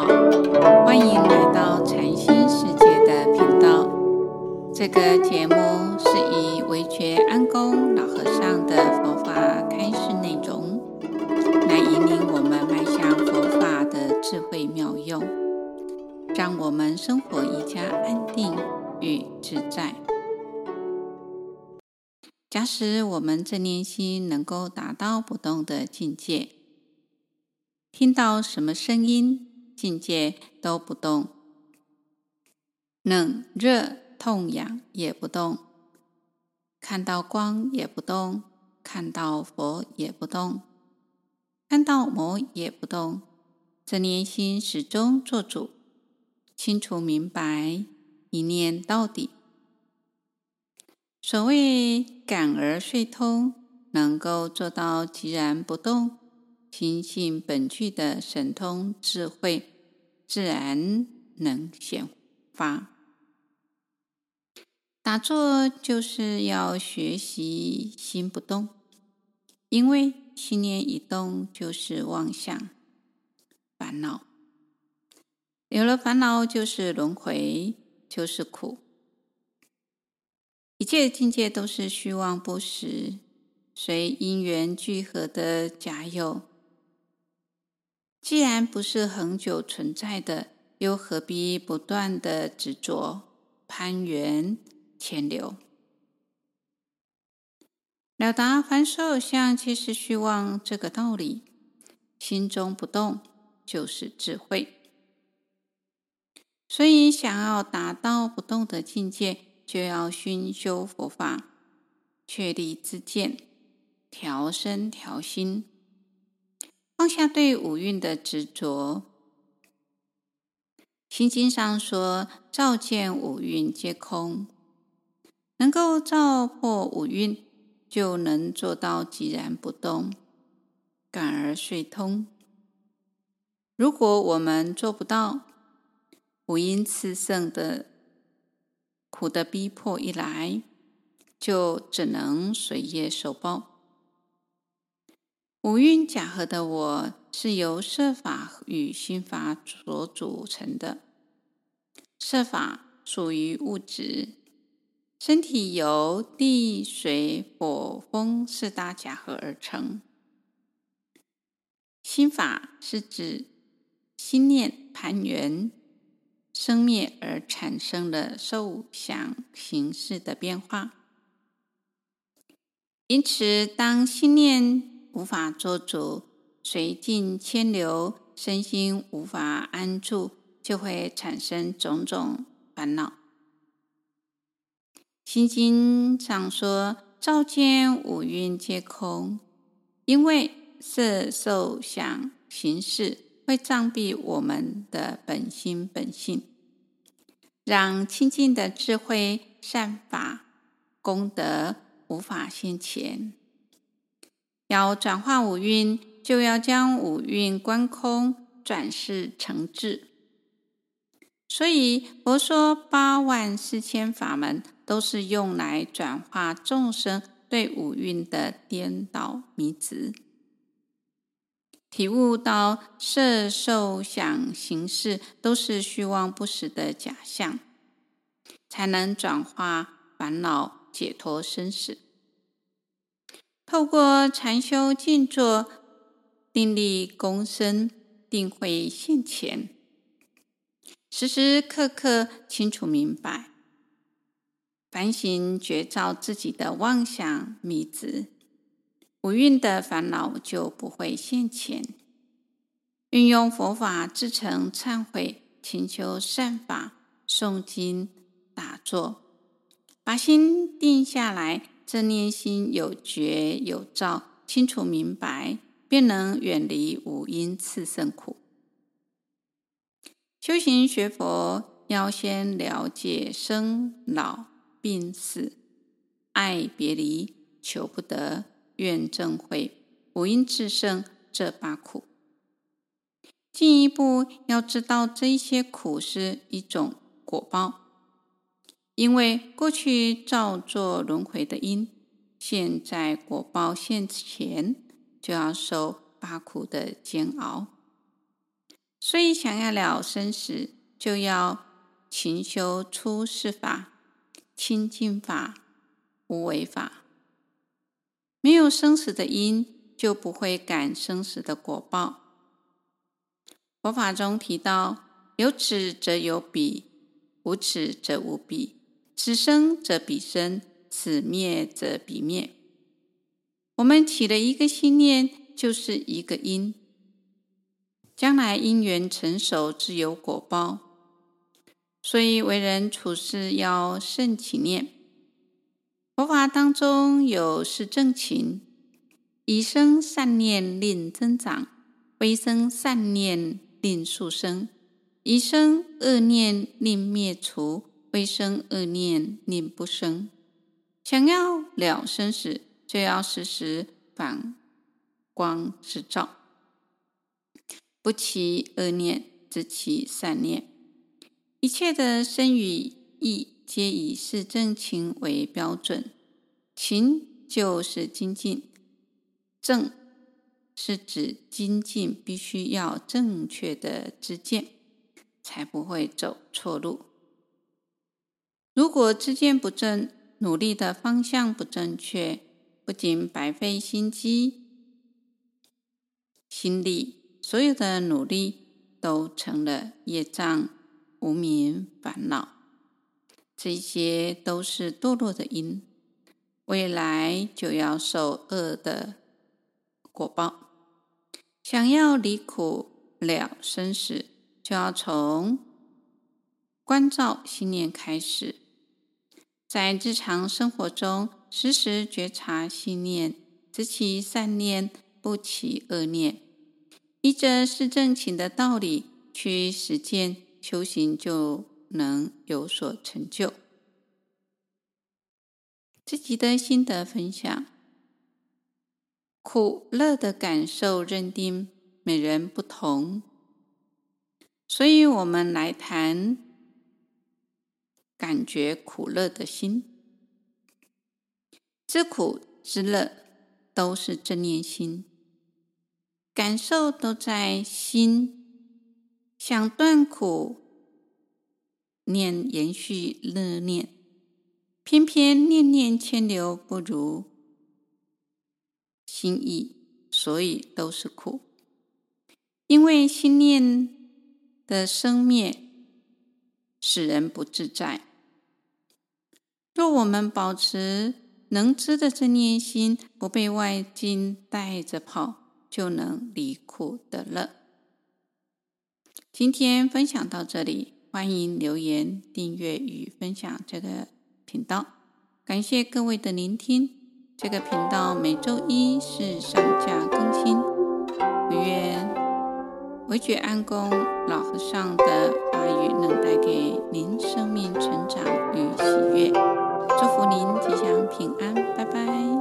好，歡迎來到禪心世界的頻道。這個節目是以惟覺安公老和尚的佛法開示內容，來引領我們邁向佛法的智慧妙用，讓我們生活更加安定與自在。假使我們這念心能夠達到不動的境界，聽到什麼聲音、境界都不動，冷熱痛癢也不動，看到光也不動，看到佛也不動，看到魔也不動，這念心始終做主，清楚明白，一念到底。所謂感而遂通，能夠做到寂然不動，心性本具的神通智慧。自然能顯發。打坐就是要學習心不動，因為心念一動就是妄想、煩惱。有了煩惱就是輪迴，就是苦。一切境界都是虛妄不實，隨因緣聚合的假有。既然不是恆久存在的，又何必不斷的執着、攀緣、遷流？了達凡所有相皆是虛妄這個道理，心中不動就是智慧。所以，想要達到不動的境界，就要熏修佛法，確立知見，調身調心。放下對五蘊的執着，《心經》上說：“照見五蘊皆空，能夠照破五蘊，就能做到寂然不動，感而遂通。”如果我們做不到，五陰熾盛的苦的逼迫一來，就只能隨業受報。五蘊假合的我是由色法與心法所組成的。色法屬於物質，身體由地、水、火、風四大假合而成。心法是指心念攀緣生滅而產生的受、想、行、識的變化。因此，當心念無法做主，隨境遷流，身心無法安住，就會產生種種煩惱。心經上說：“照見五蘊皆空”，因為色、受、想、行、識會障蔽我們的本心本性，讓清淨的智慧、善法、功德無法現前。要轉化五蘊，就要將五蘊觀空，轉識成智。所以，佛說八萬四千法門，都是用來轉化眾生對五蘊的顛倒迷執。體悟到色受、受、想、行、識都是虛妄不實的假象，才能轉化煩惱，解脫生死。透過禪修靜坐，定力、功深，定慧現前。時時刻刻清楚明白，反省覺照自己的妄想迷執，五蘊的煩惱就不會現前。運用佛法至誠懺悔，勤修善法，誦經、打坐，把心定下來。這念心有覺有照，清楚明白，便能遠離五陰熾盛苦。修行學佛，要先了解生老病死、愛別離、求不得、怨憎會、五陰熾盛這八苦。進一步要知道，這一些苦是一種果報。因為過去造作輪迴的因，現在果報現前，就要受八苦的煎熬。所以，想要了生死，就要勤修出世法、清淨法、無為法。沒有生死的因，就不會感生死的果報。佛法中提到：有此則有彼，無此則無彼。此生則彼生，此滅則彼滅。我們起的一個心念就是一個因，將來因緣成熟自有果報。所以為人處事要慎起念。佛法當中有四正勤，已生善念令增長，未生善念令速生，已生惡念令滅除。未生惡念令不生；想要了生死，就要時時迴光返照，不起惡念，只起善念。一切的身語意，皆以四正勤為標準。勤就是精進，正是指精進必須要正確的知見，才不會走錯路。如果知見不正，努力的方向不正確，不僅白費心機、心力，所有的努力都成了業障、無明、煩惱，這些都是墮落的因，未來就要受惡的果報。想要離苦了生死，就要從觀照心念開始。在日常生活中，時時覺察心念，只起善念，不起惡念，依着四正勤的道理去實踐修行，就能有所成就。自己的心得分享：苦樂的感受認定，每人不同，所以我們來談。感覺苦樂的心，知苦知樂都是這念心，感受都在心，想斷苦念延續樂念，偏偏念念遷流不如心意，所以都是苦。因為心念的生滅，使人不自在。若我們保持能知的正念心，不被外境帶着跑，就能離苦得樂。今天分享到這裡，歡迎留言、訂閱與分享這個頻道。感謝各位的聆聽。這個頻道每周一是上架更新。我願惟覺安公老和尚的法語能帶給您生命成長與喜悅。祝福您吉祥平安，拜拜。